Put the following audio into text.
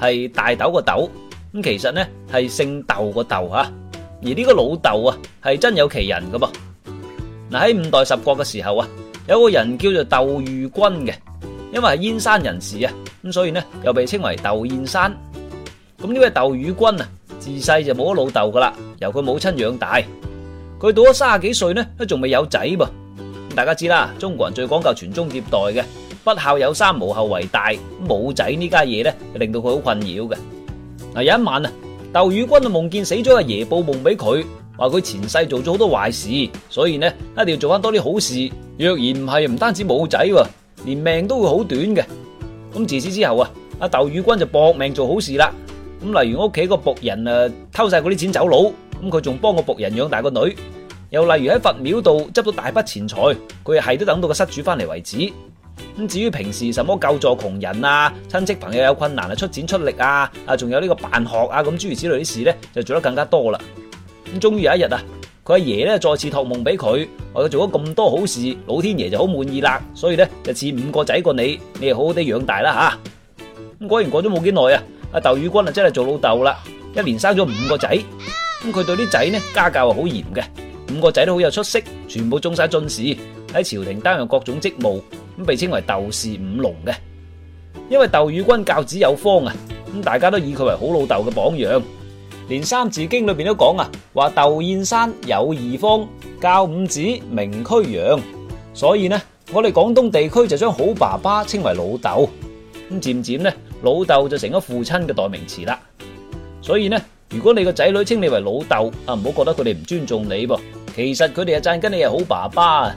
係大豆個豆，咁其實咧係姓竇個竇吓，而呢個老竇啊係真有其人噶噃。嗱喺五代十國嘅時候啊，有個人叫做竇禹鈞嘅，因為係燕山人士啊，咁所以咧又被稱為竇燕山。咁呢位竇禹鈞啊，自細就冇咗老豆噶啦，由佢母親養大。佢到咗三十幾歲咧，都仲未有仔噃。大家知啦，中國人最講究傳宗接代嘅。不孝有三，無後為大。冇仔呢家嘢，呢令到佢好困擾嘅嗱。有一晚啊，竇禹鈞就夢見死咗嘅爺報夢俾佢，話佢前世做咗好多壞事，所以呢，一定要做翻多啲好事。若然唔係，唔單止冇仔，連命都會好短嘅。咁自此之後啊，阿竇禹鈞就搏命做好事啦。咁例如屋企個僕人啊，偷晒嗰啲錢走佬，咁佢仲幫個僕人養大個女，又例如喺佛廟度執到大筆錢財，佢係都等到個失主翻嚟為止。咁至於平時什麼救助窮人啊、親戚朋友有困難啊出錢出力啊，啊仲有呢個辦學啊，咁諸如此類啲事呢，就做得更加多啦。咁終於有一日啊，佢阿爺呢，再次託夢俾佢，話佢做咗咁多好事，老天爺就好滿意啦，所以呢，就賜五個仔過你，你就好好地養大啦吓。咁果然過咗冇幾耐啊，阿竇禹鈞啊真係做老豆啦，一年生咗五個仔。咁佢對啲仔呢家教係好嚴嘅，五個仔都好有出息，全部中晒進士，喺朝廷擔任各種職務。咁被稱為竇氏五龍嘅，因為竇禹鈞教子有方啊，咁大家都以佢為好老豆嘅榜樣，連《三字經》裏邊都講啊，話竇燕山有義方，教五子名俱揚，所以呢，我哋廣東地區就將好爸爸稱為老豆，咁漸漸呢，老豆就成咗父親嘅代名詞啦。所以呢，如果你個仔女稱你為老豆啊，唔好覺得佢哋唔尊重你噃、啊，其實佢哋啊讚緊你係好爸爸啊。